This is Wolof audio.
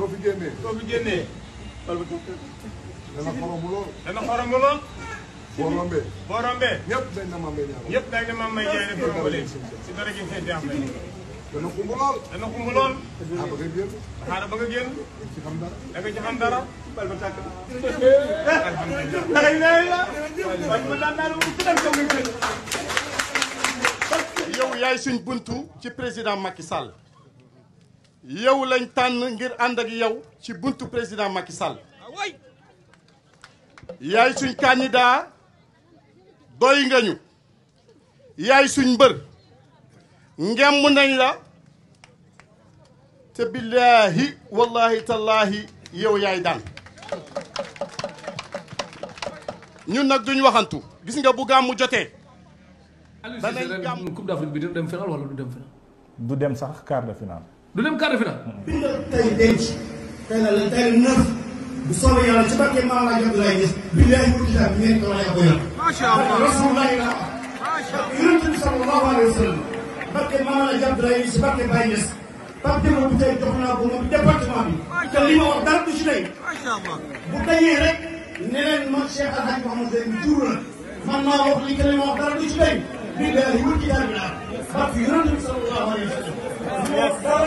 Sofigemi. Sofigemi. Nana Koromulo. Nana Koromulo. Borambe. Borambe. Yep ben de mamaya. Yep ben de mamaya yani Koromulo. Sigara kimse yapmıyor. Nana Kumulol. Nana Kumulol. Harbaga gel. Harbaga gel. Ci xam dara. Da nga ci xam dara. Bal ba tak. La ilaha illa. Bal ba dal dal mu tudal ko ngi. yow yaay suñ buntu ci président Macky Sall yow lañ tànn ngir ànd ak yow ci buntu président Macky Sall yaay suñ candidat doy nga ñu yaay suñ mbër ngemm nañ la te billaahi wallahi tallaahi yow yaay daan ñun nag duñ waxantu gis nga bu gàmmu jotee danañ gàmm coupe d'Afrique bi du dem sax quart de finale du dem carré final. biñ la tey denc tey la tey bu soobee yàlla ci barke maa laa jot lay gis biñ lay sallallahu aleyhi wa sallam barke maa laa jot lay gis barke Baye Niass Pape Demba bu tey jox bu dañee rek ne leen man Cheikh Al Hadj Mouhamed Seye tur la man maa wax li keneen